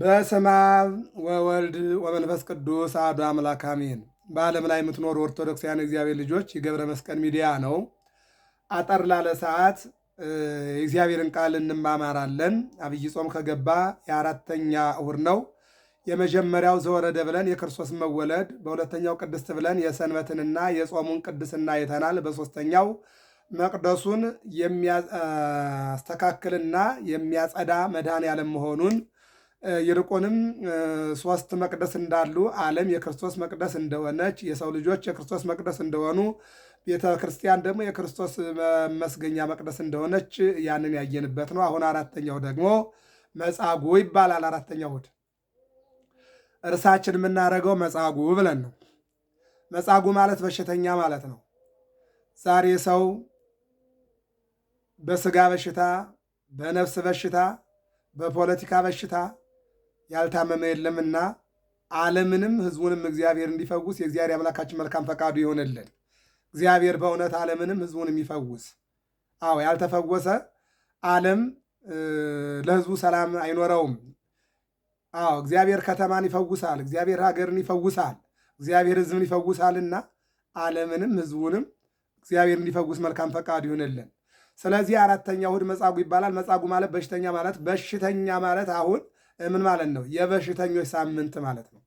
በስመ አብ ወወልድ ወመንፈስ ቅዱስ አሐዱ አምላክ አሜን። በዓለም ላይ የምትኖሩ ኦርቶዶክሳውያን እግዚአብሔር ልጆች የገብረ መስቀል ሚዲያ ነው። አጠር ላለ ሰዓት የእግዚአብሔርን ቃል እንማማራለን። አብይ ጾም ከገባ የአራተኛ እሁር ነው። የመጀመሪያው ዘወረደ ብለን የክርስቶስን መወለድ፣ በሁለተኛው ቅድስት ብለን የሰንበትንና የጾሙን ቅድስና አይተናል። በሶስተኛው መቅደሱን የሚያስተካክልና የሚያጸዳ መድኃኔ ዓለም መሆኑን ይልቁንም ሶስት መቅደስ እንዳሉ ዓለም የክርስቶስ መቅደስ እንደሆነች የሰው ልጆች የክርስቶስ መቅደስ እንደሆኑ ቤተ ክርስቲያን ደግሞ የክርስቶስ መስገኛ መቅደስ እንደሆነች ያንን ያየንበት ነው። አሁን አራተኛው ደግሞ መጻጉዕ ይባላል። አራተኛው እሑድ እርሳችን የምናደርገው መጻጉዕ ብለን ነው። መጻጉዕ ማለት በሽተኛ ማለት ነው። ዛሬ ሰው በስጋ በሽታ፣ በነፍስ በሽታ፣ በፖለቲካ በሽታ ያልታመመ የለምና ዓለምንም ሕዝቡንም እግዚአብሔር እንዲፈውስ የእግዚአብሔር አምላካችን መልካም ፈቃዱ ይሆንልን። እግዚአብሔር በእውነት ዓለምንም ሕዝቡንም ይፈውስ። አዎ ያልተፈወሰ ዓለም ለሕዝቡ ሰላም አይኖረውም። አዎ እግዚአብሔር ከተማን ይፈውሳል፣ እግዚአብሔር ሀገርን ይፈውሳል፣ እግዚአብሔር ሕዝብን ይፈውሳልና ዓለምንም ሕዝቡንም እግዚአብሔር እንዲፈውስ መልካም ፈቃዱ ይሆንልን። ስለዚህ አራተኛ እሑድ መጻጉዕ ይባላል። መጻጉዕ ማለት በሽተኛ ማለት በሽተኛ ማለት አሁን ምን ማለት ነው? የበሽተኞች ሳምንት ማለት ነው።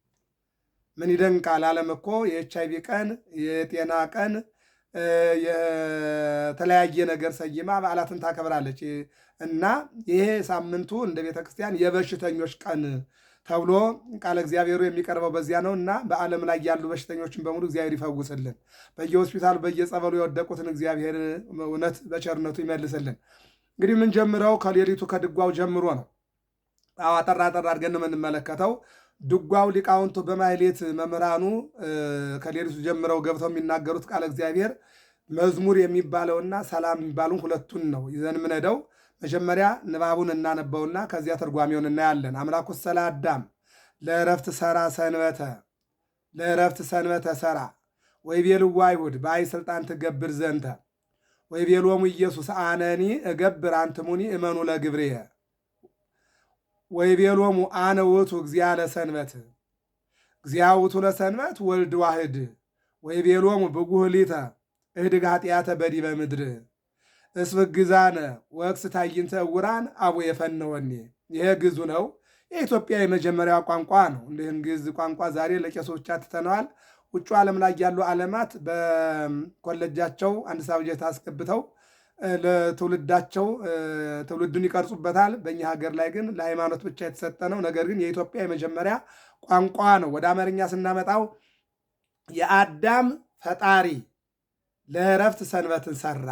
ምን ይደንቃል! ዓለም እኮ የኤች አይቪ ቀን፣ የጤና ቀን፣ የተለያየ ነገር ሰይማ በዓላትን ታከብራለች እና ይሄ ሳምንቱ እንደ ቤተ ክርስቲያን የበሽተኞች ቀን ተብሎ ቃለ እግዚአብሔሩ የሚቀርበው በዚያ ነው እና በዓለም ላይ ያሉ በሽተኞችን በሙሉ እግዚአብሔር ይፈውስልን። በየሆስፒታሉ በየጸበሉ የወደቁትን እግዚአብሔር እውነት በቸርነቱ ይመልስልን። እንግዲህ ጀምረው ከሌሊቱ ከድጓው ጀምሮ ነው። አዎ አጠራ አድርገን የምንመለከተው። ድጓው ሊቃውንቱ በማህሌት መምህራኑ ከሌሊቱ ጀምረው ገብተው የሚናገሩት ቃለ እግዚአብሔር መዝሙር የሚባለውና ሰላም የሚባሉን ሁለቱን ነው ይዘን ምንሄደው። መጀመሪያ ንባቡን እናነበውና ከዚያ ተርጓሚውን እናያለን። አምላኩ ሰላ አዳም ለእረፍት ሰራ ሰንበተ ለእረፍት ሰንበተ ሰራ ወይቤልዋ አይሁድ በአይ ስልጣን ትገብር ዘንተ ወይቤሎሙ ኢየሱስ አነኒ እገብር አንትሙኒ እመኑ ለግብርየ ወይቤሎሙ አነ ውእቱ እግዚአ ለሰንበት እግዚአ ውእቱ ለሰንበት ወልድ ዋህድ ወይቤሎሙ ብጉህ እህድግ ኃጢአተ በዲበ ምድር እስብግዛነ ወክስ ታይንተ ዕውራን አቡ የፈነወኒ። ይሄ ግዙ ነው። የኢትዮጵያ የመጀመሪያ ቋንቋ ነው። እንዲህን ግዕዝ ቋንቋ ዛሬ ለቄሶች ትተነዋል። ውጩ ዓለም ላይ ያሉ ዓለማት በኮሌጃቸው አንድ ሳብጀት አስገብተው ለትውልዳቸው ትውልዱን ይቀርጹበታል። በእኛ ሀገር ላይ ግን ለሃይማኖት ብቻ የተሰጠ ነው። ነገር ግን የኢትዮጵያ የመጀመሪያ ቋንቋ ነው። ወደ አማርኛ ስናመጣው የአዳም ፈጣሪ ለእረፍት ሰንበትን ሰራ።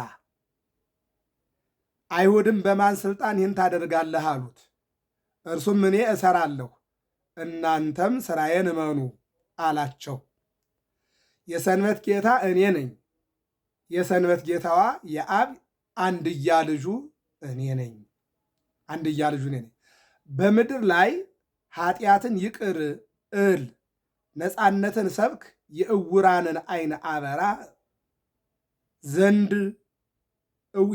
አይሁድም በማን ስልጣን ይህን ታደርጋለህ አሉት። እርሱም እኔ እሰራለሁ እናንተም ስራዬን እመኑ አላቸው። የሰንበት ጌታ እኔ ነኝ። የሰንበት ጌታዋ የአብ አንድያ ልጁ እኔ ነኝ። አንድያ ልጁ እኔ ነኝ። በምድር ላይ ኃጢአትን ይቅር እል፣ ነፃነትን ሰብክ፣ የእውራንን አይን አበራ ዘንድ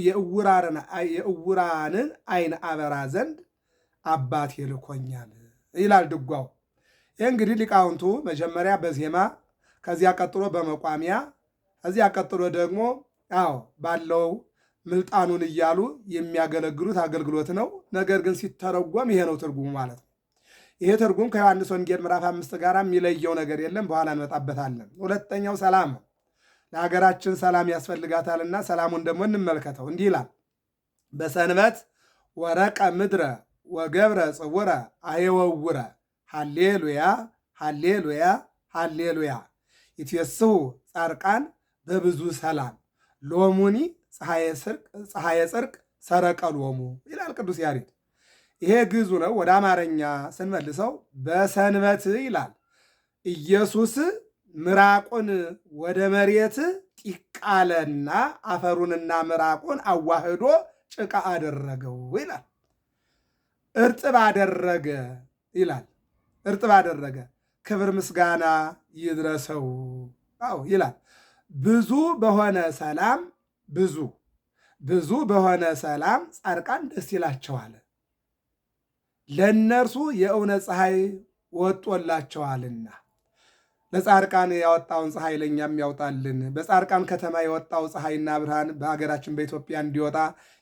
የእውራንን አይን አበራ ዘንድ አባት ልኮኛል ይላል ድጓው። ይህ እንግዲህ ሊቃውንቱ መጀመሪያ በዜማ ከዚያ ቀጥሎ በመቋሚያ ከዚያ ቀጥሎ ደግሞ አዎ ባለው ምልጣኑን እያሉ የሚያገለግሉት አገልግሎት ነው። ነገር ግን ሲተረጎም ይሄ ነው ትርጉሙ ማለት ነው። ይሄ ትርጉም ከዮሐንስ ወንጌል ምዕራፍ አምስት ጋር የሚለየው ነገር የለም። በኋላ እንመጣበታለን። ሁለተኛው ሰላም ነው። ለሀገራችን ሰላም ያስፈልጋታልና ሰላሙን ደግሞ እንመልከተው። እንዲህ ይላል በሰንበት ወረቀ ምድረ ወገብረ ጽውረ አየወውረ ሃሌሉያ ሃሌሉያ ሃሌሉያ ይትየስሑ ጻርቃን በብዙ ሰላም ሎሙኒ ፀሐየ ጽርቅ ሰረቀሎሙ ይላል ቅዱስ ያሬድ። ይሄ ግዙ ነው። ወደ አማርኛ ስንመልሰው በሰንበት ይላል ኢየሱስ ምራቁን ወደ መሬት ጢቃለና አፈሩንና ምራቁን አዋህዶ ጭቃ አደረገው ይላል። እርጥብ አደረገ ይላል። እርጥብ አደረገ ክብር ምስጋና ይድረሰው አዎ ይላል። ብዙ በሆነ ሰላም ብዙ ብዙ በሆነ ሰላም ጻድቃን ደስ ይላቸዋል፣ ለእነርሱ የእውነት ፀሐይ ወጦላቸዋልና። ለጻድቃን ያወጣውን ፀሐይ ለእኛም ያውጣልን። በጻድቃን ከተማ የወጣው ፀሐይና ብርሃን በሀገራችን በኢትዮጵያ እንዲወጣ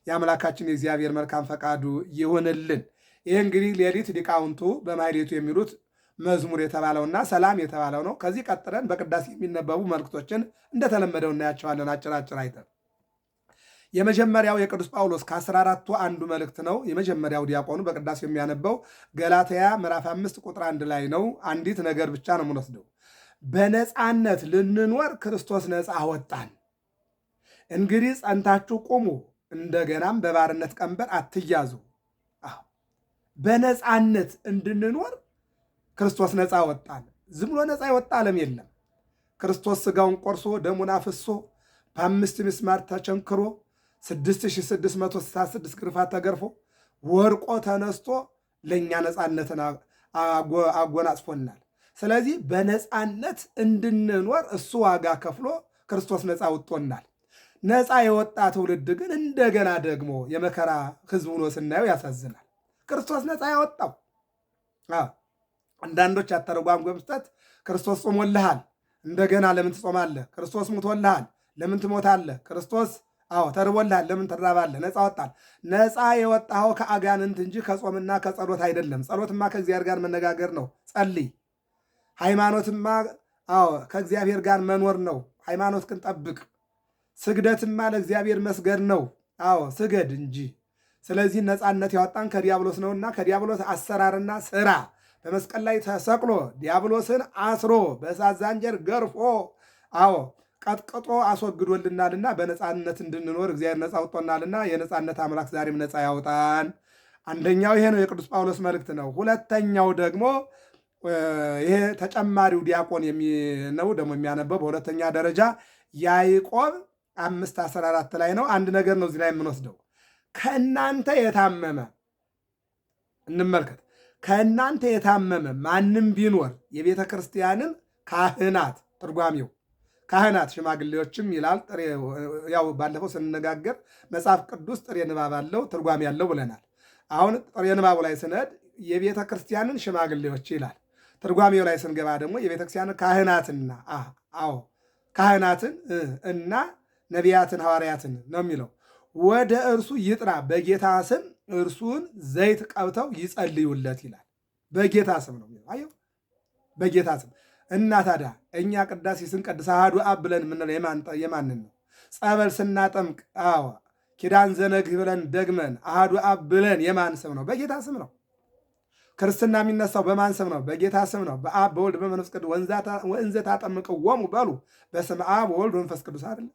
የአምላካችን የእግዚአብሔር መልካም ፈቃዱ ይሁንልን። ይህ እንግዲህ ሌሊት ሊቃውንቱ በማሕሌቱ የሚሉት መዝሙር የተባለውና ሰላም የተባለው ነው። ከዚህ ቀጥለን በቅዳሴ የሚነበቡ መልእክቶችን እንደተለመደው እናያቸዋለን። አጭር አጭር አይተን የመጀመሪያው የቅዱስ ጳውሎስ ከአስራ አራቱ አንዱ መልእክት ነው። የመጀመሪያው ዲያቆኑ በቅዳሴው የሚያነበው ገላትያ ምዕራፍ አምስት ቁጥር አንድ ላይ ነው። አንዲት ነገር ብቻ ነው የምንወስደው። በነፃነት ልንኖር ክርስቶስ ነፃ አወጣን። እንግዲህ ጸንታችሁ ቁሙ፣ እንደገናም በባርነት ቀንበር አትያዙ። በነፃነት እንድንኖር ክርስቶስ ነፃ አወጣን። ዝም ብሎ ነፃ የወጣ ዓለም የለም። ክርስቶስ ስጋውን ቆርሶ ደሙን አፍሶ በአምስት ምስማር ተቸንክሮ 6666 ግርፋት ተገርፎ ወርቆ ተነስቶ ለእኛ ነፃነትን አጎናጽፎናል። ስለዚህ በነፃነት እንድንኖር እሱ ዋጋ ከፍሎ ክርስቶስ ነፃ ወጥቶናል። ነፃ የወጣ ትውልድ ግን እንደገና ደግሞ የመከራ ሕዝብ ሆኖ ስናየው ያሳዝናል። ክርስቶስ ነፃ ያወጣው አንዳንዶች አተረጓም ገብስተት ክርስቶስ ጾሞልሃል፣ እንደገና ለምን ትጾማለህ? ክርስቶስ ሙቶልሃል፣ ለምን ትሞታለህ? ክርስቶስ አዎ ተርቦልሃል። ለምን ትራባለህ? ነፃ ወጣል። ነፃ የወጣኸው ከአጋንንት እንጂ ከጾምና ከጸሎት አይደለም። ጸሎትማ ከእግዚአብሔር ጋር መነጋገር ነው፣ ጸልይ። ሃይማኖትማ አዎ ከእግዚአብሔር ጋር መኖር ነው። ሃይማኖት ግን ጠብቅ። ስግደትማ ለእግዚአብሔር መስገድ ነው። አዎ ስገድ እንጂ። ስለዚህ ነፃነት ያወጣን ከዲያብሎስ ነውና ከዲያብሎስ አሰራርና ስራ በመስቀል ላይ ተሰቅሎ ዲያብሎስን አስሮ በእሳት ዛንጀር ገርፎ አዎ ቀጥቅጦ አስወግዶልናልና በነፃነት እንድንኖር እግዚአብሔር ነፃ አውጥቶናልና የነፃነት አምላክ ዛሬም ነፃ ያውጣን። አንደኛው ይሄ ነው፣ የቅዱስ ጳውሎስ መልእክት ነው። ሁለተኛው ደግሞ ይሄ ተጨማሪው ዲያቆን ነው ደግሞ የሚያነበው በሁለተኛ ደረጃ ያዕቆብ አምስት አስራ አራት ላይ ነው። አንድ ነገር ነው እዚህ ላይ የምንወስደው። ከእናንተ የታመመ እንመልከት። ከእናንተ የታመመ ማንም ቢኖር የቤተ ክርስቲያንን ካህናት ትርጓሜው ካህናት ሽማግሌዎችም ይላል። ያው ባለፈው ስንነጋገር መጽሐፍ ቅዱስ ጥሬ ንባብ አለው ትርጓሜ ያለው ብለናል። አሁን ጥሬ ንባቡ ላይ ስንሄድ የቤተ ክርስቲያንን ሽማግሌዎች ይላል። ትርጓሜው ላይ ስንገባ ደግሞ የቤተ ክርስቲያንን ካህናትና አዎ ካህናትን እና ነቢያትን ሐዋርያትን ነው የሚለው ወደ እርሱ ይጥራ በጌታ ስም እርሱን ዘይት ቀብተው ይጸልዩለት ይላል። በጌታ ስም ነው አየው፣ በጌታ ስም እና ታዲያ እኛ ቅዳሴ ስንቀድስ አሐዱ አብ ብለን የምንለው የማንን ነው? ጸበል ስናጠምቅ፣ አዎ ኪዳን ዘነግህ ብለን ደግመን አሐዱ አብ ብለን የማን ስም ነው? በጌታ ስም ነው። ክርስትና የሚነሳው በማን ስም ነው? በጌታ ስም ነው። በአብ በወልድ በመንፈስ ቅዱስ ወንዘ ታጠምቀው ወሙ በሉ በስም አብ ወልድ መንፈስ ቅዱስ አይደለ?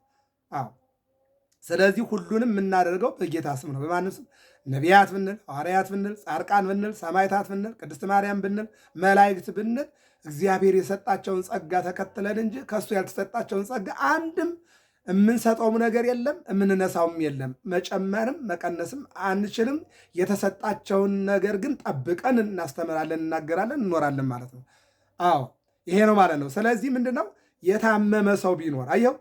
አዎ። ስለዚህ ሁሉንም የምናደርገው በጌታ ስም ነው። በማንም ስም ነቢያት ብንል ሐዋርያት ብንል ጻድቃን ብንል ሰማይታት ብንል ቅድስት ማርያም ብንል መላእክት ብንል እግዚአብሔር የሰጣቸውን ጸጋ ተከትለን እንጂ ከእሱ ያልተሰጣቸውን ጸጋ አንድም የምንሰጠውም ነገር የለም፣ የምንነሳውም የለም። መጨመርም መቀነስም አንችልም። የተሰጣቸውን ነገር ግን ጠብቀን እናስተምራለን፣ እናገራለን፣ እንኖራለን ማለት ነው። አዎ ይሄ ነው ማለት ነው። ስለዚህ ምንድነው የታመመ ሰው ቢኖር አየው፣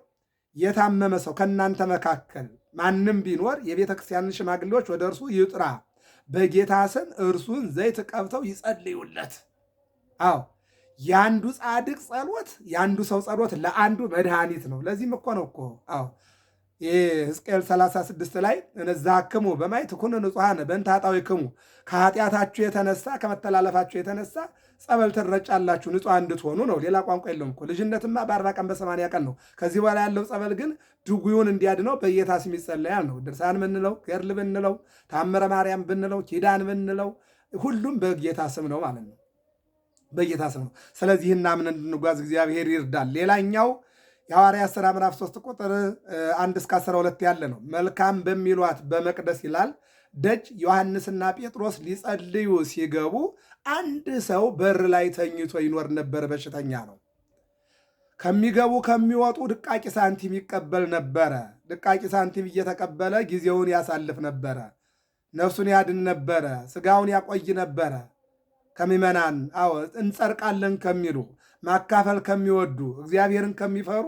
የታመመ ሰው ከእናንተ መካከል ማንም ቢኖር የቤተ ክርስቲያንን ሽማግሌዎች ወደ እርሱ ይጥራ፣ በጌታ ስም እርሱን ዘይት ቀብተው ይጸልዩለት። አዎ የአንዱ ጻድቅ ጸሎት የአንዱ ሰው ጸሎት ለአንዱ መድኃኒት ነው። ለዚህም እኮ ነው እኮ አዎ ሕዝቅኤል 36 ላይ በማየት በማይትኩኑ ንጹሐን በእንታጣዊ ክሙ ከኃጢአታችሁ የተነሳ ከመተላለፋችሁ የተነሳ ጸበል ትረጫላችሁ ንጹሐን እንድትሆኑ ነው። ሌላ ቋንቋ የለውም እኮ ልጅነትማ በአርባ ቀን በሰማንያ ቀን ነው። ከዚህ በኋላ ያለው ጸበል ግን ድውዩን እንዲያድነው በየታስም ይጸለያል ነው። ድርሳን ብንለው፣ ገድል ብንለው፣ ታምረ ማርያም ብንለው፣ ኪዳን ብንለው ሁሉም በጌታ ስም ነው ማለት ነው። በጌታ ስም ነው። ስለዚህ እናምን እንድንጓዝ እግዚአብሔር ይርዳል። ሌላኛው የሐዋርያ ሥራ ምዕራፍ 3 ቁጥር 1 እስከ 12 ያለ ነው። መልካም በሚሏት በመቅደስ ይላል ደጅ ዮሐንስና ጴጥሮስ ሊጸልዩ ሲገቡ አንድ ሰው በር ላይ ተኝቶ ይኖር ነበር። በሽተኛ ነው። ከሚገቡ ከሚወጡ ድቃቂ ሳንቲም ይቀበል ነበረ። ድቃቂ ሳንቲም እየተቀበለ ጊዜውን ያሳልፍ ነበረ። ነፍሱን ያድን ነበረ። ስጋውን ያቆይ ነበረ። ከሚመናን አዎ ከሚሉ ማካፈል ከሚወዱ እግዚአብሔርን ከሚፈሩ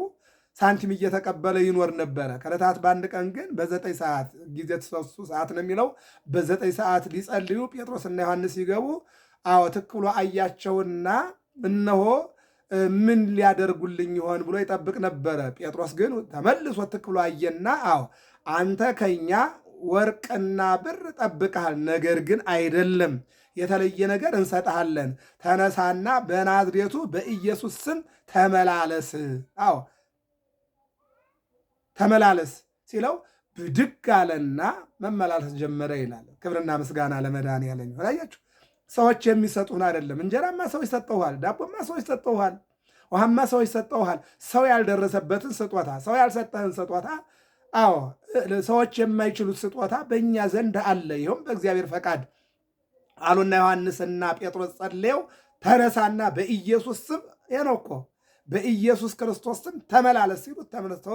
ሳንቲም እየተቀበለ ይኖር ነበረ። ከዕለታት በአንድ ቀን ግን በዘጠኝ ሰዓት ጊዜ ተሰሱ ሰዓት ነው የሚለው። በዘጠኝ ሰዓት ሊጸልዩ ጴጥሮስና ዮሐንስ ሲገቡ፣ አዎ ትክሎ አያቸውና እነሆ ምን ሊያደርጉልኝ ይሆን ብሎ ይጠብቅ ነበረ። ጴጥሮስ ግን ተመልሶ ትክሎ አየና፣ አዎ አንተ ከኛ ወርቅና ብር ጠብቀሃል፣ ነገር ግን አይደለም የተለየ ነገር እንሰጥሃለን፣ ተነሳና በናዝሬቱ በኢየሱስ ስም ተመላለስ። አዎ ተመላለስ ሲለው ብድግ አለና መመላለስ ጀመረ ይላል። ክብርና ምስጋና ለመድኃኒዓለም ይሁን። አያችሁ ሰዎች የሚሰጡን አይደለም። እንጀራማ ሰው ይሰጠውሃል፣ ዳቦማ ሰው ይሰጠውሃል፣ ውሃማ ሰው ይሰጠውሃል። ሰው ያልደረሰበትን ስጦታ፣ ሰው ያልሰጠህን ስጦታ፣ አዎ ሰዎች የማይችሉት ስጦታ በእኛ ዘንድ አለ። ይኸውም በእግዚአብሔር ፈቃድ አሉና ዮሐንስና ጴጥሮስ ጸልየው ተነሳና በኢየሱስ ስም የነኮ በኢየሱስ ክርስቶስ ስም ተመላለስ ሲሉ ተመልሶ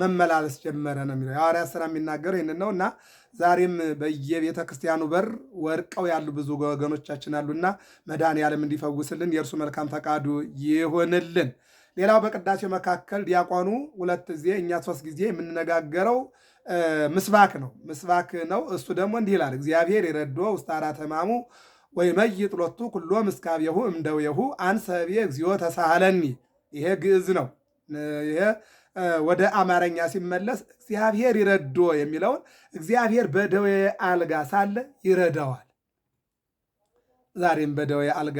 መመላለስ ጀመረ ነው የሚለው የሐዋርያት ሥራ የሚናገረው ይህን ነው። እና ዛሬም በየቤተ ክርስቲያኑ በር ወድቀው ያሉ ብዙ ወገኖቻችን አሉና መድኃኔዓለም እንዲፈውስልን የእርሱ መልካም ፈቃዱ ይሆንልን። ሌላው በቅዳሴው መካከል ዲያቋኑ ሁለት ጊዜ እኛ ሶስት ጊዜ የምንነጋገረው ምስባክ ነው ምስባክ ነው። እሱ ደግሞ እንዲህ ይላል እግዚአብሔር የረዶ ውስተ አራት ሕማሙ ወይመይጥ ጥሎቱ ኩሎ ምስካብየሁ እምደውየሁ አንሰቤ እግዚኦ ተሳሃለኒ። ይሄ ግዕዝ ነው። ይሄ ወደ አማርኛ ሲመለስ እግዚአብሔር ይረዶ የሚለውን እግዚአብሔር በደዌ አልጋ ሳለ ይረዳዋል። ዛሬም በደዌ አልጋ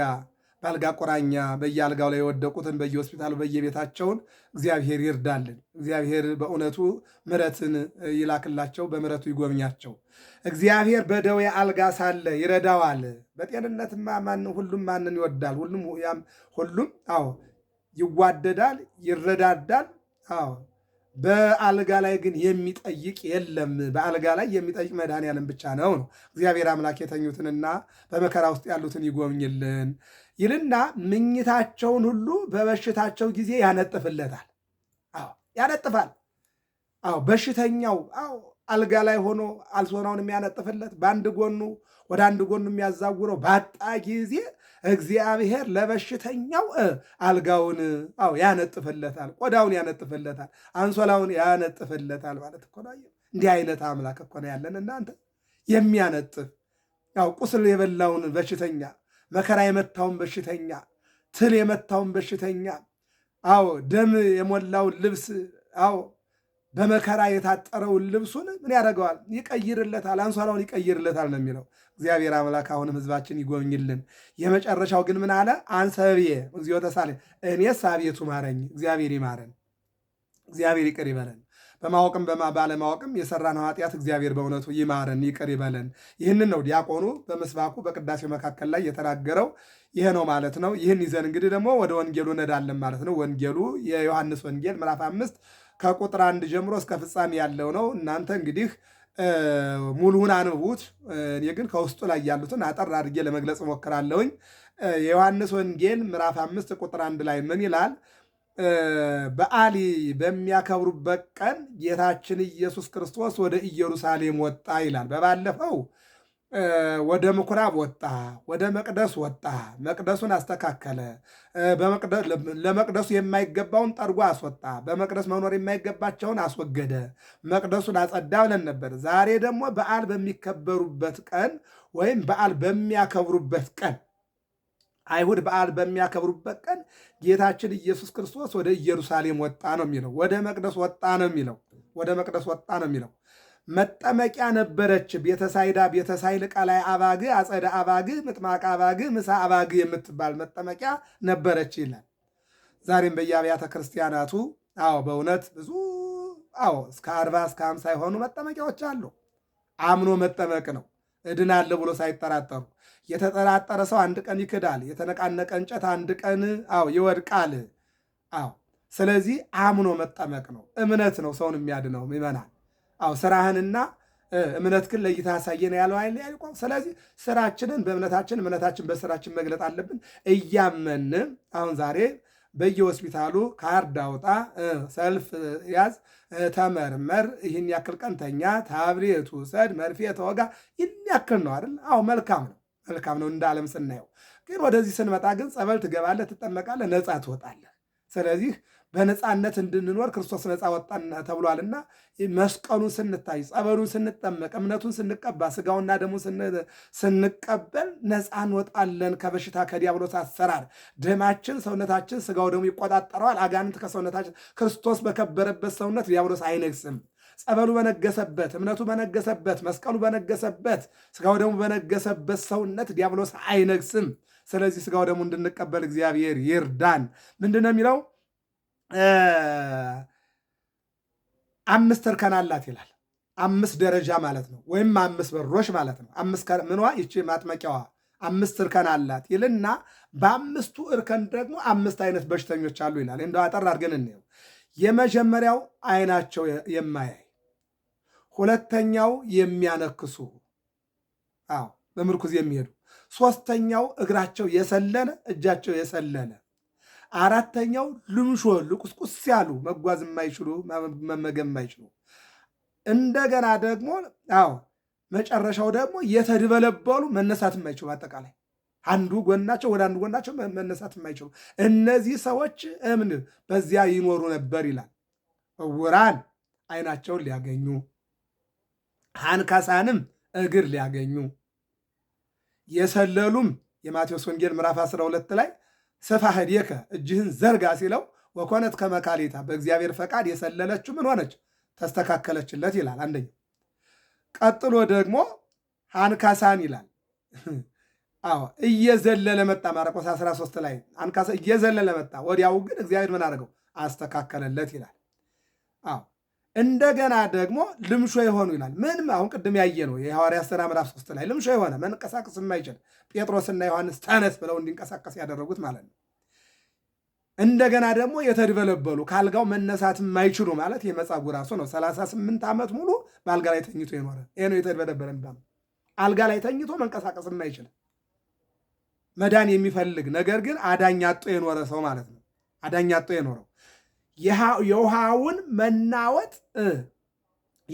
በአልጋ ቁራኛ በየአልጋው ላይ የወደቁትን በየሆስፒታሉ በየቤታቸውን እግዚአብሔር ይርዳልን። እግዚአብሔር በእውነቱ ምረትን ይላክላቸው፣ በምረቱ ይጎብኛቸው። እግዚአብሔር በደዌ አልጋ ሳለ ይረዳዋል። በጤንነትማ ማን ሁሉም ማንን ይወዳል? ሁሉም ሁሉም አዎ ይዋደዳል፣ ይረዳዳል። አዎ በአልጋ ላይ ግን የሚጠይቅ የለም። በአልጋ ላይ የሚጠይቅ መድኃኔ ዓለም ብቻ ነው ነው። እግዚአብሔር አምላክ የተኙትንና በመከራ ውስጥ ያሉትን ይጎብኝልን። ይልና ምኝታቸውን ሁሉ በበሽታቸው ጊዜ ያነጥፍለታል። አዎ ያነጥፋል። አዎ በሽተኛው አዎ አልጋ ላይ ሆኖ አልሶናውን የሚያነጥፍለት በአንድ ጎኑ ወደ አንድ ጎኑ የሚያዛውረው ባጣ ጊዜ እግዚአብሔር ለበሽተኛው አልጋውን አዎ ያነጥፍለታል፣ ቆዳውን ያነጥፍለታል፣ አንሶላውን ያነጥፍለታል ማለት እኮ ነው። እንዲህ አይነት አምላክ እኮ ነው ያለን እናንተ የሚያነጥፍ ያው ቁስል የበላውን በሽተኛ መከራ የመታውን በሽተኛ፣ ትል የመታውን በሽተኛ፣ አዎ ደም የሞላውን ልብስ፣ አዎ በመከራ የታጠረውን ልብሱን ምን ያደርገዋል? ይቀይርለታል፣ አንሶላውን ይቀይርለታል ነው የሚለው እግዚአብሔር አምላክ። አሁንም ህዝባችን ይጎብኝልን። የመጨረሻው ግን ምን አለ? አንሰብየ እግዚኦ ተሳለ እኔስ አቤቱ ማረኝ። እግዚአብሔር ይማረን፣ እግዚአብሔር ይቅር ይበለን። በማወቅም ባለማወቅም የሰራነው ኃጢአት እግዚአብሔር በእውነቱ ይማረን ይቅር ይበለን። ይህንን ነው ዲያቆኑ በምስባኩ በቅዳሴው መካከል ላይ የተናገረው ይሄ ነው ማለት ነው። ይህን ይዘን እንግዲህ ደግሞ ወደ ወንጌሉ እንሄዳለን ማለት ነው። ወንጌሉ የዮሐንስ ወንጌል ምዕራፍ አምስት ከቁጥር አንድ ጀምሮ እስከ ፍጻሜ ያለው ነው። እናንተ እንግዲህ ሙሉውን አንብቡት። እኔ ግን ከውስጡ ላይ ያሉትን አጠር አድርጌ ለመግለጽ እሞክራለሁኝ። የዮሐንስ ወንጌል ምዕራፍ አምስት ቁጥር አንድ ላይ ምን ይላል? በዓል በሚያከብሩበት ቀን ጌታችን ኢየሱስ ክርስቶስ ወደ ኢየሩሳሌም ወጣ ይላል። በባለፈው ወደ ምኩራብ ወጣ፣ ወደ መቅደስ ወጣ፣ መቅደሱን አስተካከለ። ለመቅደሱ የማይገባውን ጠርጎ አስወጣ፣ በመቅደስ መኖር የማይገባቸውን አስወገደ፣ መቅደሱን አጸዳ ብለን ነበር። ዛሬ ደግሞ በዓል በሚከበሩበት ቀን ወይም በዓል በሚያከብሩበት ቀን አይሁድ በዓል በሚያከብሩበት ቀን ጌታችን ኢየሱስ ክርስቶስ ወደ ኢየሩሳሌም ወጣ ነው የሚለው። ወደ መቅደስ ወጣ ነው የሚለው። ወደ መቅደስ ወጣ ነው የሚለው። መጠመቂያ ነበረች ቤተሳይዳ ቤተሳይል ቃላይ አባግ አጸደ አባግ ምጥማቅ አባግ ምሳ አባግ የምትባል መጠመቂያ ነበረች ይላል። ዛሬም በየአብያተ ክርስቲያናቱ አዎ፣ በእውነት ብዙ አዎ፣ እስከ አርባ እስከ አምሳ የሆኑ መጠመቂያዎች አሉ። አምኖ መጠመቅ ነው። እድናለ ብሎ ሳይጠራጠሩ። የተጠራጠረ ሰው አንድ ቀን ይክዳል። የተነቃነቀ እንጨት አንድ ቀን አዎ ይወድቃል። አዎ ስለዚህ አምኖ መጠመቅ ነው። እምነት ነው ሰውን የሚያድነው። ይመናል አዎ ስራህንና እምነት ግን ለይታ ያሳየን ያለው አይል ስለዚህ ስራችንን በእምነታችን እምነታችን በስራችን መግለጥ አለብን እያመን አሁን ዛሬ በየሆስፒታሉ ካርድ አውጣ፣ ሰልፍ ያዝ፣ ተመርመር፣ ይህን ያክል ቀንተኛ ታብሌት ውሰድ፣ መርፌ ተወጋ፣ ይህን ያክል ነው አይደል? አዎ መልካም ነው፣ መልካም ነው እንዳለም ስናየው። ግን ወደዚህ ስንመጣ ግን ጸበል ትገባለህ፣ ትጠመቃለህ፣ ነፃ ትወጣለህ። ስለዚህ በነፃነት እንድንኖር ክርስቶስ ነፃ ወጣን ተብሏልና መስቀሉን ስንታይ፣ ጸበሉን ስንጠመቅ፣ እምነቱን ስንቀባ፣ ስጋውና ደሙ ስንቀበል ነፃ እንወጣለን ከበሽታ ከዲያብሎስ አሰራር። ደማችን ሰውነታችን ስጋው ደግሞ ይቆጣጠረዋል። አጋንንት ከሰውነታችን ክርስቶስ በከበረበት ሰውነት ዲያብሎስ አይነግስም። ጸበሉ በነገሰበት እምነቱ በነገሰበት መስቀሉ በነገሰበት ስጋው ደግሞ በነገሰበት ሰውነት ዲያብሎስ አይነግስም። ስለዚህ ስጋው ደግሞ እንድንቀበል እግዚአብሔር ይርዳን። ምንድን ነው የሚለው? አምስት እርከን አላት ይላል። አምስት ደረጃ ማለት ነው፣ ወይም አምስት በሮች ማለት ነው። አምስት ምንዋ ይቺ ማጥመቂያዋ አምስት እርከን አላት ይልና በአምስቱ እርከን ደግሞ አምስት አይነት በሽተኞች አሉ ይላል። እንደው አጠር አድርገን እንየው። የመጀመሪያው አይናቸው የማያይ ሁለተኛው የሚያነክሱ አዎ በምርኩዝ የሚሄዱ ሶስተኛው እግራቸው የሰለነ እጃቸው የሰለነ አራተኛው ልምሾ ልቁስቁስ ያሉ መጓዝ የማይችሉ መመገብ የማይችሉ እንደገና ደግሞ አዎ መጨረሻው ደግሞ የተድበለበሉ መነሳት የማይችሉ አጠቃላይ አንዱ ጎናቸው ወደ አንዱ ጎናቸው መነሳት የማይችሉ እነዚህ ሰዎች እምን በዚያ ይኖሩ ነበር ይላል። እውራን አይናቸውን ሊያገኙ አንካሳንም እግር ሊያገኙ የሰለሉም የማቴዎስ ወንጌል ምዕራፍ 12 ላይ ስፋህዴከ እጅህን ዘርጋ ሲለው ወኮነት ከመካሊታ በእግዚአብሔር ፈቃድ የሰለለችው ምን ሆነች? ተስተካከለችለት ይላል። አንደኛው ቀጥሎ ደግሞ አንካሳን ይላል። አዎ እየዘለለ መጣ። ማርቆስ 13 ላይ አንካሳ እየዘለለ መጣ። ወዲያው ግን እግዚአብሔር ምን አደረገው? አስተካከለለት ይላል። አዎ እንደገና ደግሞ ልምሾ የሆኑ ይላል። ምን አሁን ቅድም ያየ ነው የሐዋርያት ሥራ ምዕራፍ ሶስት ላይ ልምሾ የሆነ መንቀሳቀስ የማይችል ጴጥሮስና ዮሐንስ ተነስ ብለው እንዲንቀሳቀስ ያደረጉት ማለት ነው። እንደገና ደግሞ የተድበለበሉ ከአልጋው መነሳት የማይችሉ ማለት የመጻጉ ራሱ ነው። 38 ዓመት ሙሉ በአልጋ ላይ ተኝቶ የኖረ ይሄ ነው የተድበለበለ የሚባለው። አልጋ ላይ ተኝቶ መንቀሳቀስ የማይችል መዳን የሚፈልግ ነገር ግን አዳኝ አጥቶ የኖረ ሰው ማለት ነው። አዳኝ አጥቶ የኖረው የውሃውን መናወጥ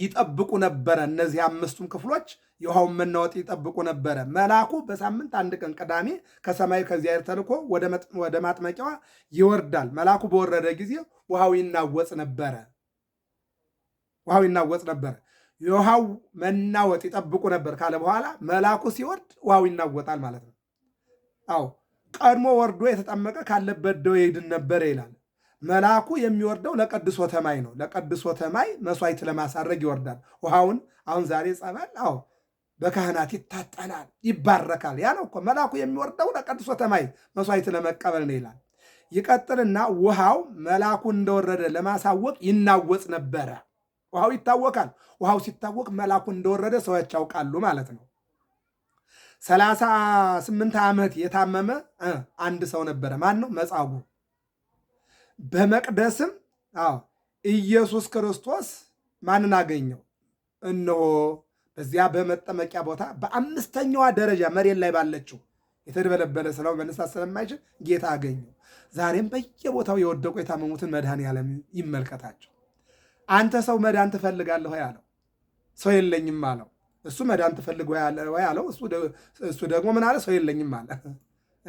ይጠብቁ ነበረ። እነዚህ አምስቱም ክፍሎች የውሃውን መናወጥ ይጠብቁ ነበረ። መልአኩ በሳምንት አንድ ቀን ቅዳሜ ከሰማይ ከእግዚአብሔር ተልኮ ወደ ማጥመቂያዋ ይወርዳል። መልአኩ በወረደ ጊዜ ውሃው ይናወጽ ነበረ። ውሃው ነበረ። የውሃው መናወጥ ይጠብቁ ነበር ካለ በኋላ መልአኩ ሲወርድ ውሃው ይናወጣል ማለት ነው። አዎ ቀድሞ ወርዶ የተጠመቀ ካለበት ደዌ ይድን ነበር ይላል። መልአኩ የሚወርደው ለቀድሶ ተማይ ነው። ለቀድሶ ተማይ መስዋይት ለማሳረግ ይወርዳል። ውሃውን አሁን ዛሬ ጸበል፣ አዎ በካህናት ይታጠናል፣ ይባረካል። ያ ነው እኮ መልአኩ የሚወርደው ለቀድሶ ተማይ መስዋዕት ለመቀበል ነው ይላል። ይቀጥልና ውሃው መልአኩ እንደወረደ ለማሳወቅ ይናወጽ ነበረ። ውሃው ይታወቃል። ውሃው ሲታወቅ መልአኩ እንደወረደ ሰዎች ያውቃሉ ማለት ነው። ሰላሳ ስምንት ዓመት የታመመ አንድ ሰው ነበረ። ማን ነው? መጻጉዕ በመቅደስም አዎ ኢየሱስ ክርስቶስ ማንን አገኘው? እነሆ በዚያ በመጠመቂያ ቦታ በአምስተኛዋ ደረጃ መሬት ላይ ባለችው የተደበለበለ ስለው መነሳት ስለማይችል ጌታ አገኘው። ዛሬም በየቦታው የወደቁ የታመሙትን መድኃኔዓለም ይመልከታቸው። አንተ ሰው መዳን ትፈልጋለህ ያለው ሰው የለኝም አለው። እሱ መዳን ትፈልግ ያለው እሱ ደግሞ ምን አለ? ሰው የለኝም አለ።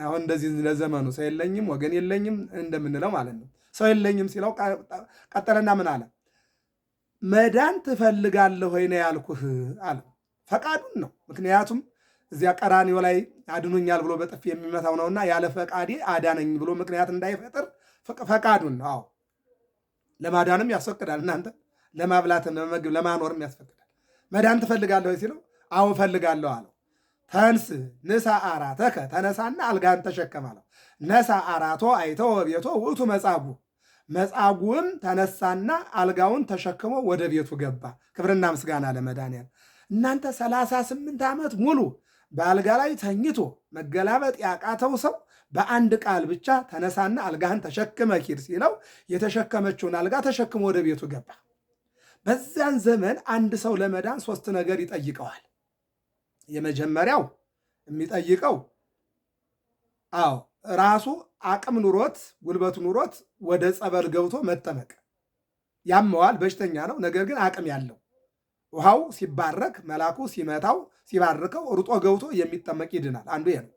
አሁን እንደዚህ ለዘመኑ ሰው የለኝም ወገን የለኝም እንደምንለው ማለት ነው። ሰው የለኝም ሲለው ቀጠለና ምን አለ? መዳን ትፈልጋለህ ወይ ነው ያልኩህ አለ። ፈቃዱን ነው። ምክንያቱም እዚያ ቀራንዮ ላይ አድኖኛል ብሎ በጥፊ የሚመታው ነውና ያለ ፈቃዴ አዳነኝ ብሎ ምክንያት እንዳይፈጥር ፈቃዱን ነው። አዎ ለማዳንም ያስፈቅዳል። እናንተ ለማብላትም ለመግብ ለማኖርም ያስፈቅዳል። መዳን ትፈልጋለህ ወይ ሲለው አዎ እፈልጋለሁ አለው። ተንስ ንሳ አራተከ ተነሳና አልጋን ተሸከም አለው። ነሳ አራቶ አይተው ቤቶ ውእቱ መጻጉዕ መጻጉዕም ተነሳና አልጋውን ተሸክሞ ወደ ቤቱ ገባ። ክብርና ምስጋና ለመድኃኒዓለም። እናንተ ሰላሳ ዓመት ሙሉ በአልጋ ላይ ተኝቶ መገላበጥ ያቃተው ሰው በአንድ ቃል ብቻ ተነሳና አልጋህን ተሸክመ ሂድ ሲለው የተሸከመችውን አልጋ ተሸክሞ ወደ ቤቱ ገባ። በዚያን ዘመን አንድ ሰው ለመዳን ሶስት ነገር ይጠይቀዋል። የመጀመሪያው የሚጠይቀው አዎ ራሱ አቅም ኑሮት ጉልበቱ ኑሮት ወደ ጸበል ገብቶ መጠመቅ ያመዋል፣ በሽተኛ ነው። ነገር ግን አቅም ያለው ውሃው ሲባረክ መላኩ ሲመታው ሲባርከው ሩጦ ገብቶ የሚጠመቅ ይድናል። አንዱ ይሄ ነው።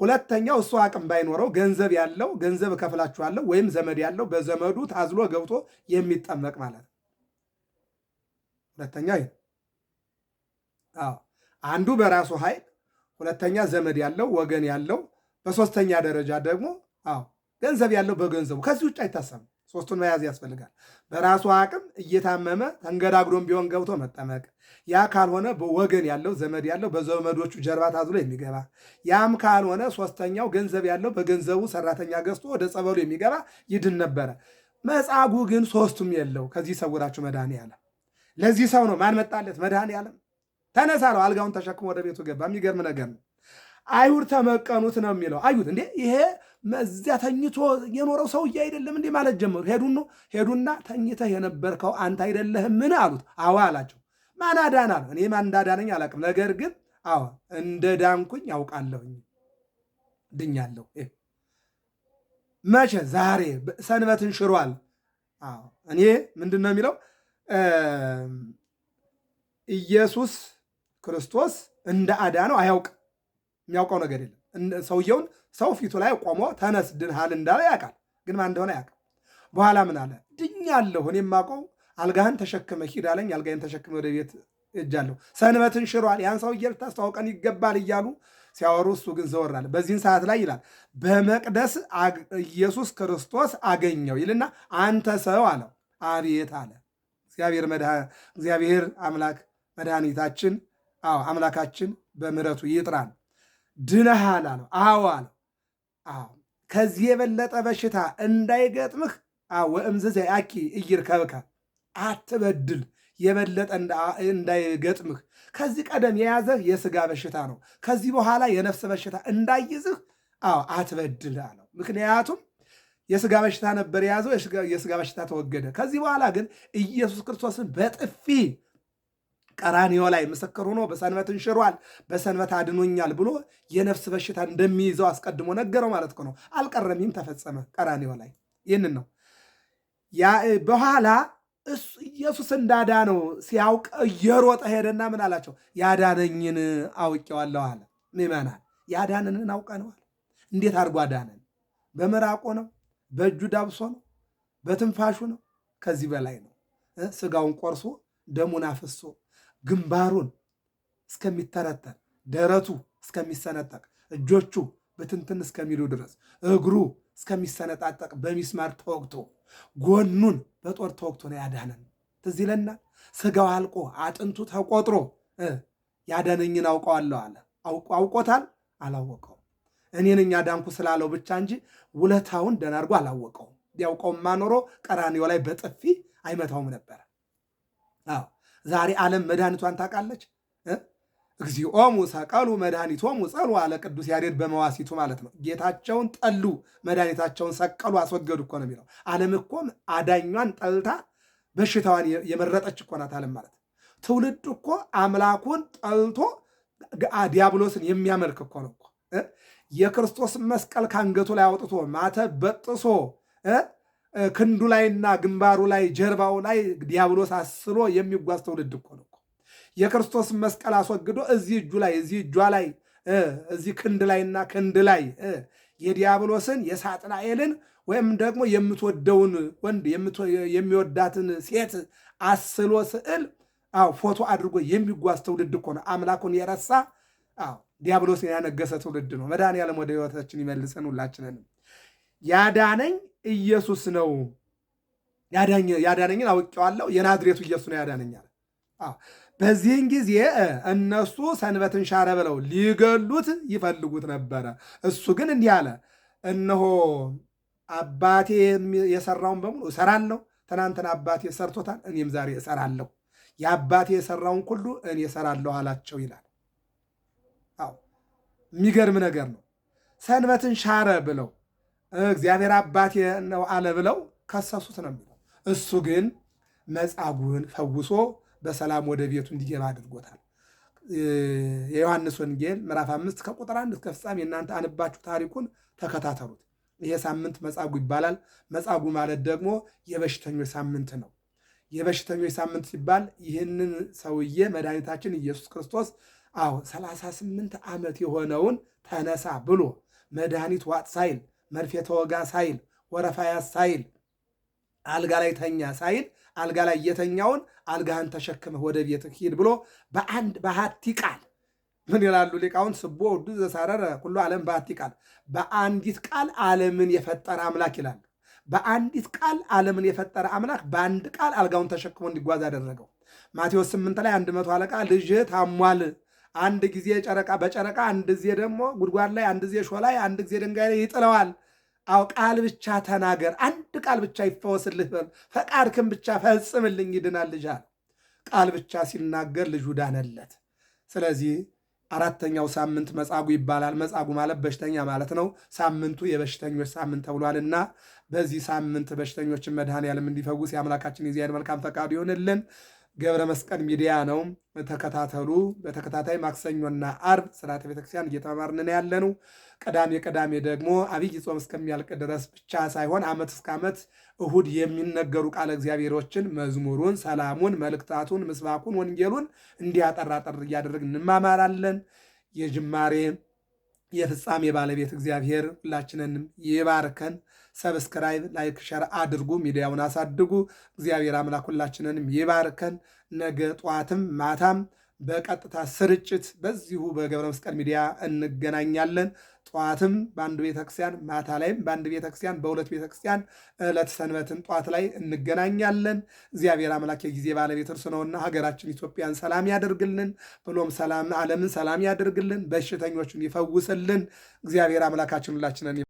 ሁለተኛው እሱ አቅም ባይኖረው ገንዘብ ያለው ገንዘብ እከፍላችኋለሁ ወይም ዘመድ ያለው በዘመዱ ታዝሎ ገብቶ የሚጠመቅ ማለት ነው። ሁለተኛ ይሄ አንዱ በራሱ ኃይል፣ ሁለተኛ ዘመድ ያለው ወገን ያለው በሶስተኛ ደረጃ ደግሞ አዎ ገንዘብ ያለው በገንዘቡ ከዚህ ውጭ አይታሰብም። ሶስቱን መያዝ ያስፈልጋል። በራሱ አቅም እየታመመ ተንገዳግዶም ቢሆን ገብቶ መጠመቅ፣ ያ ካልሆነ በወገን ያለው ዘመድ ያለው በዘመዶቹ ጀርባ ታዝሎ የሚገባ ያም ካልሆነ ሶስተኛው ገንዘብ ያለው በገንዘቡ ሰራተኛ ገዝቶ ወደ ጸበሉ የሚገባ ይድን ነበረ። መጻጉ ግን ሶስቱም የለው። ከዚህ ሰውራችሁ መድኃኔ ለዚህ ሰው ነው። ማን መጣለት? መድኃኔ ያለ ተነሳ ነው። አልጋውን ተሸክሞ ወደ ቤቱ ገባ። የሚገርም ነገር ነው። አይሁድ ተመቀኑት ነው የሚለው። አዩት እንዴ ይሄ እዚያ ተኝቶ የኖረው ሰውዬ አይደለም እንዴ ማለት ጀመሩ። ሄዱን ሄዱና ተኝተህ የነበርከው አንተ አይደለህም ምን አሉት። አዋ አላቸው። ማን አዳን አሉ። እኔ ማን እንዳዳነኝ አላውቅም፣ ነገር ግን አዎ እንደ ዳንኩኝ ያውቃለሁኝ ድኛለሁ። መቼ ዛሬ ሰንበትን ሽሯል። እኔ ምንድን ነው የሚለው ኢየሱስ ክርስቶስ እንደ አዳነው አያውቅም የሚያውቀው ነገር የለም። ሰውየውን ሰው ፊቱ ላይ ቆሞ ተነስ ድንሃል እንዳለ ያውቃል፣ ግን ማን እንደሆነ ያውቃል። በኋላ ምን አለ? ድኛለሁ፣ እኔ የማውቀው አልጋህን ተሸክመ ሂድ አለኝ። አልጋህን ተሸክመ ወደ ቤት እጃለሁ፣ ሰንበትን ሽሯል፣ ያን ሰውዬ ልታስተዋውቀን ይገባል እያሉ ሲያወሩ እሱ ግን ዘወር አለ። በዚህን ሰዓት ላይ ይላል በመቅደስ ኢየሱስ ክርስቶስ አገኘው ይልና አንተ ሰው አለው። አቤት አለ እግዚአብሔር አምላክ መድኃኒታችን አዎ አምላካችን በምሕረቱ ይጥራን። ድነሃል አለው። አዎ አለው። አዎ ከዚህ የበለጠ በሽታ እንዳይገጥምህ ወእምዝዘ ያኪ እይርከብከ አትበድል የበለጠ እንዳይገጥምህ። ከዚህ ቀደም የያዘህ የስጋ በሽታ ነው። ከዚህ በኋላ የነፍስ በሽታ እንዳይዝህ አዎ አትበድል አለው። ምክንያቱም የስጋ በሽታ ነበር የያዘው፣ የስጋ በሽታ ተወገደ። ከዚህ በኋላ ግን ኢየሱስ ክርስቶስን በጥፊ ቀራኒዮ ላይ ምስክር ሆኖ በሰንበት እንሽሯል፣ በሰንበት አድኖኛል ብሎ የነፍስ በሽታ እንደሚይዘው አስቀድሞ ነገረው ማለት ነው። አልቀረሚም ተፈጸመ ቀራኒዮ ላይ። ይህንን ነው በኋላ ኢየሱስ እንዳዳ ነው ሲያውቅ እየሮጠ ሄደና ምን አላቸው? ያዳነኝን አውቄዋለሁ አለ። ምዕመናን ያዳነንን አውቀነዋል። እንዴት አድርጎ አዳነን? በምራቆ ነው? በእጁ ዳብሶ ነው? በትንፋሹ ነው? ከዚህ በላይ ነው። ስጋውን ቆርሶ ደሙን አፍሶ ግንባሩን እስከሚተረተር ደረቱ እስከሚሰነጠቅ እጆቹ ብትንትን እስከሚሉ ድረስ እግሩ እስከሚሰነጣጠቅ በሚስማር ተወግቶ ጎኑን በጦር ተወግቶ ነው ያዳነን። ትዝ ይለናል። ስጋው አልቆ አጥንቱ ተቆጥሮ ያዳነኝን አውቀዋለሁ አለ። አውቆታል? አላወቀው። እኔን ነኝ ያዳንኩ ስላለው ብቻ እንጂ ውለታውን ደህና አድርጎ አላወቀውም። ቢያውቀውማ ኖሮ ቀራንዮ ላይ በጥፊ አይመታውም ነበር። አዎ ዛሬ ዓለም መድኃኒቷን ታውቃለች። እግዚኦሙ ሰቀሉ መድኃኒቶሙ ጸሉ አለ ቅዱስ ያሬድ በመዋሲቱ ማለት ነው። ጌታቸውን ጠሉ፣ መድኃኒታቸውን ሰቀሉ፣ አስወገዱ እኮ ነው የሚለው። ዓለም እኮ አዳኟን ጠልታ በሽታዋን የመረጠች እኮ ናት ዓለም ማለት። ትውልድ እኮ አምላኩን ጠልቶ ዲያብሎስን የሚያመልክ እኮ ነው። የክርስቶስ መስቀል ከአንገቱ ላይ አውጥቶ ማተብ በጥሶ ክንዱ ላይና ግንባሩ ላይ ጀርባው ላይ ዲያብሎስ አስሮ የሚጓዝ ትውልድ እኮ ነው። የክርስቶስ መስቀል አስወግዶ እዚህ እጁ ላይ እዚህ እጇ ላይ እዚህ ክንድ ላይና ክንድ ላይ የዲያብሎስን የሳጥናኤልን ወይም ደግሞ የምትወደውን ወንድ የሚወዳትን ሴት አስሎ ስዕል አዎ ፎቶ አድርጎ የሚጓዝ ትውልድ እኮ ነው። አምላኩን የረሳ አዎ ዲያብሎስን ያነገሰ ትውልድ ነው። መድኃኔዓለም ወደ ሕይወታችን ይመልሰን ሁላችንንም። ያዳነኝ ኢየሱስ ነው። ያዳነኝን አውቄዋለሁ፣ የናዝሬቱ ኢየሱስ ነው ያዳነኛል። በዚህን ጊዜ እነሱ ሰንበትን ሻረ ብለው ሊገሉት ይፈልጉት ነበረ። እሱ ግን እንዲህ አለ፣ እነሆ አባቴ የሰራውን በሙሉ እሰራለሁ። ትናንትና አባቴ ሰርቶታል፣ እኔም ዛሬ እሰራለሁ። የአባቴ የሰራውን ሁሉ እኔ እሰራለሁ አላቸው ይላል። አዎ የሚገርም ነገር ነው። ሰንበትን ሻረ ብለው እግዚአብሔር አባቴ ነው አለ ብለው ከሰሱት ነው የሚለው። እሱ ግን መጻጉዕን ፈውሶ በሰላም ወደ ቤቱ እንዲገባ አድርጎታል። የዮሐንስ ወንጌል ምዕራፍ አምስት ከቁጥር አንድ እስከ ፍጻሜ እናንተ አንባችሁ ታሪኩን ተከታተሉት። ይሄ ሳምንት መጻጉዕ ይባላል። መጻጉዕ ማለት ደግሞ የበሽተኞች ሳምንት ነው። የበሽተኞች ሳምንት ሲባል ይህንን ሰውዬ መድኃኒታችን ኢየሱስ ክርስቶስ አዎ 38 ዓመት የሆነውን ተነሳ ብሎ መድኃኒት ዋጥ ሳይል መርፌ ተወጋ ሳይል ወረፋያ ሳይል አልጋ ላይ ተኛ ሳይል አልጋ ላይ የተኛውን አልጋህን ተሸክመህ ወደ ቤት ሂድ ብሎ በአንድ በሀቲ ቃል ምን ይላሉ ሊቃውንት? ስቦ ውዱ ዘሳረረ ሁሉ ዓለም በሀቲ ቃል፣ በአንዲት ቃል ዓለምን የፈጠረ አምላክ ይላሉ። በአንዲት ቃል ዓለምን የፈጠረ አምላክ በአንድ ቃል አልጋውን ተሸክሞ እንዲጓዝ አደረገው። ማቴዎስ 8 ላይ አንድ መቶ አለቃ ልጅ ታሟል አንድ ጊዜ ጨረቃ በጨረቃ አንድ ጊዜ ደግሞ ጉድጓድ ላይ አንድ ጊዜ ሾ ላይ አንድ ጊዜ ድንጋይ ላይ ይጥለዋል። አው ቃል ብቻ ተናገር፣ አንድ ቃል ብቻ ይፈወስልህ በል፣ ፈቃድክን ብቻ ፈጽምልኝ፣ ይድናል ልጅ ቃል ብቻ ሲናገር ልጁ ዳነለት። ስለዚህ አራተኛው ሳምንት መጻጉዕ ይባላል። መጻጉዕ ማለት በሽተኛ ማለት ነው። ሳምንቱ የበሽተኞች ሳምንት ተብሏልና በዚህ ሳምንት በሽተኞችን መድኃኔ እንዲፈጉ እንዲፈውስ የአምላካችን የዚያን መልካም ፈቃዱ ይሆንልን። ገብረ መስቀል ሚዲያ ነው። ተከታተሉ። በተከታታይ ማክሰኞና አርብ ስርዓተ ቤተክርስቲያን እየተማማርንን ያለነው ቅዳሜ ቅዳሜ ደግሞ አብይ ጾም እስከሚያልቅ ድረስ ብቻ ሳይሆን ዓመት እስከ ዓመት እሁድ የሚነገሩ ቃለ እግዚአብሔሮችን መዝሙሩን፣ ሰላሙን፣ መልእክታቱን፣ ምስባኩን፣ ወንጌሉን እንዲያጠራጠር እያደረግ እንማማራለን። የጅማሬ የፍጻሜ ባለቤት እግዚአብሔር ሁላችንንም ይባርከን። ሰብስክራይብ፣ ላይክ፣ ሸር አድርጉ። ሚዲያውን አሳድጉ። እግዚአብሔር አምላክ ሁላችንንም ይባርከን። ነገ ጠዋትም ማታም በቀጥታ ስርጭት በዚሁ በገብረ መስቀል ሚዲያ እንገናኛለን። ጠዋትም በአንድ ቤተክርስቲያን ማታ ላይም በአንድ ቤተክርስቲያን በሁለት ቤተክርስቲያን ዕለት ሰንበትን ጠዋት ላይ እንገናኛለን። እግዚአብሔር አምላክ የጊዜ ባለቤት እርሱ ነውና ሀገራችን ኢትዮጵያን ሰላም ያደርግልን፣ ብሎም ሰላም ዓለምን ሰላም ያደርግልን፣ በሽተኞቹን ይፈውስልን። እግዚአብሔር አምላካችን ሁላችንን